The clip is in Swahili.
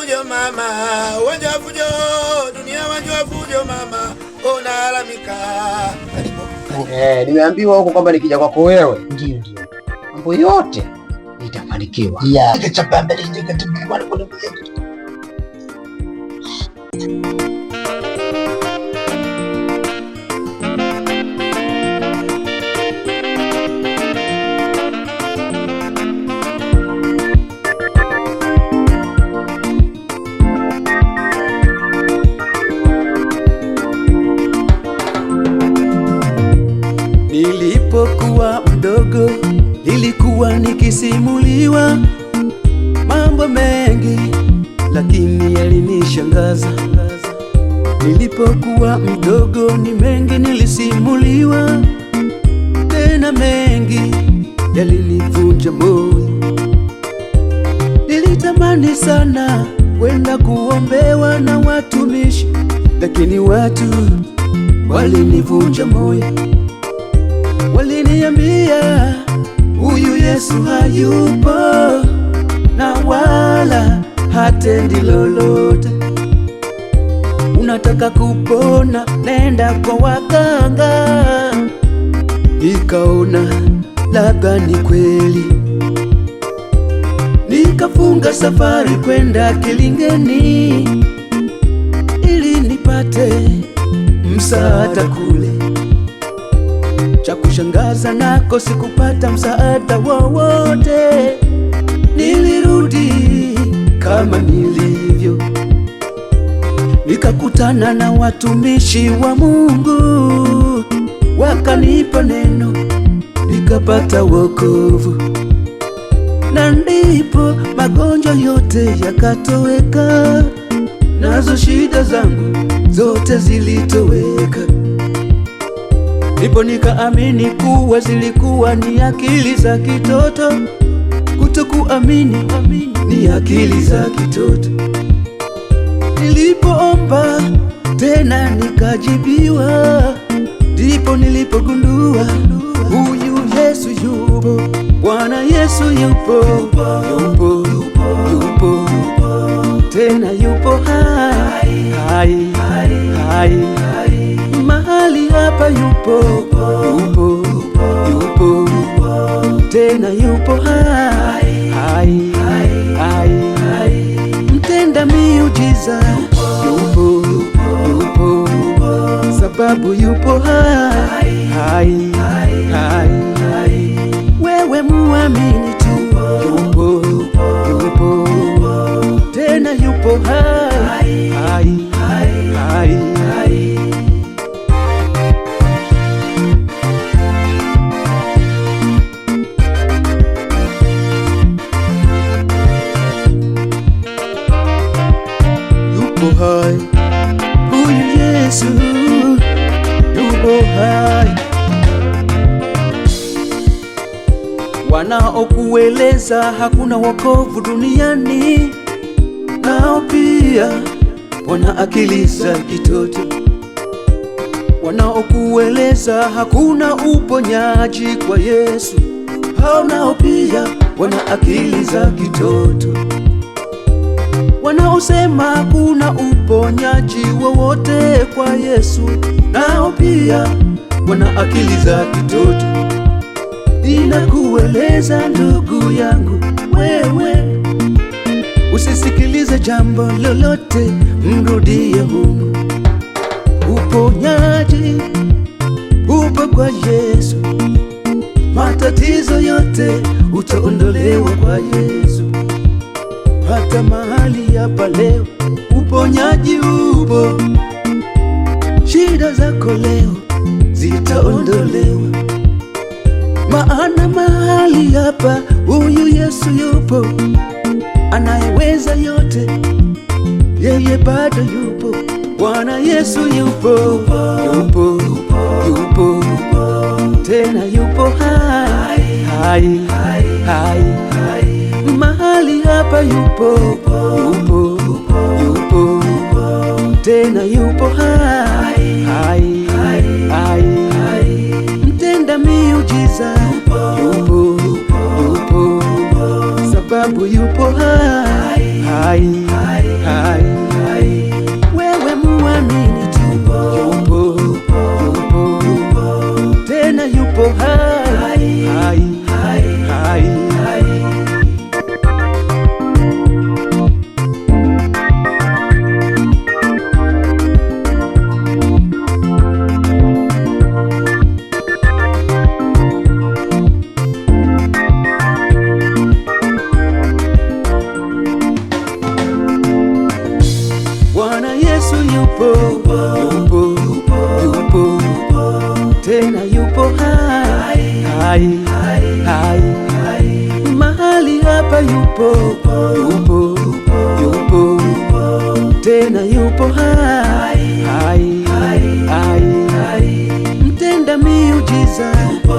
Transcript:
fujo mama, wanja fujo dunia, wanja fujo mama, unalalamika. Eh, nimeambiwa huko kwamba nikija kwako wewe, ndio ndio mambo yote itafanikiwa. Yeah. nilipokuwa mdogo nilikuwa nikisimuliwa mambo mengi, lakini yalinishangaza. Nilipokuwa mdogo ni mengi nilisimuliwa, tena mengi yalinivunja moyo. Nilitamani sana kwenda kuombewa na watumishi, lakini watu walinivunja moyo aliniambia huyu Yesu hayupo na wala hatendi lolote. Unataka kupona, nenda kwa waganga. Nikaona labda ni kweli, nikafunga safari kwenda Kilingeni ili nipate msaada kule. Cha kushangaza nako sikupata msaada wowote, nilirudi kama nilivyo, nikakutana na watumishi wa Mungu wakanipa neno, nikapata wokovu, na ndipo magonjwa yote yakatoweka, nazo shida zangu zote zilitoweka ndipo nikaamini kuwa zilikuwa ni akili za kitoto. Kutokuamini ni akili za kitoto. Nilipoomba tena nikajibiwa, ndipo nilipogundua huyu Yesu yupo, Bwana Yesu yupo, yupo, yupo tena yupo hai, hai, hai, hai hapa yupo, yupo, yupo tena yupo hai, hai, hai mtenda miujiza yupo, yupo sababu yupo hai, hai, hai wewe muamini tu yupo, yupo tena yupo hai yuko hai, huyu Yesu yuko hai. Wanaokueleza hakuna wokovu duniani, nao pia wana akili za kitoto. Wanaokueleza hakuna uponyaji kwa Yesu, hao nao pia wana akili za kitoto wanaosema kuna uponyaji wowote kwa Yesu, nao pia wana akili za kitoto. Ninakueleza ndugu yangu, wewe usisikilize jambo lolote, mrudie Mungu. Uponyaji upo kwa Yesu, matatizo yote utaondolewa kwa Yesu hata mahali hapa leo, uponyaji upo, shida zako leo zitaondolewa, maana mahali hapa huyu Yesu yupo, anayeweza yote, yeye bado yupo. Bwana Yesu yupo, yupo, yupo, yupo, tena yupo hai, hai, hai, hai hapa yupo, yupo, yupo tena yupo hai, hai, hai mtenda miujiza yupo, yupo sababu yupo hai, hai hai, Mahali hapa yupo, yupo, yupo tena yupo hai, hai, hai, hai. Mtenda miujiza yupo.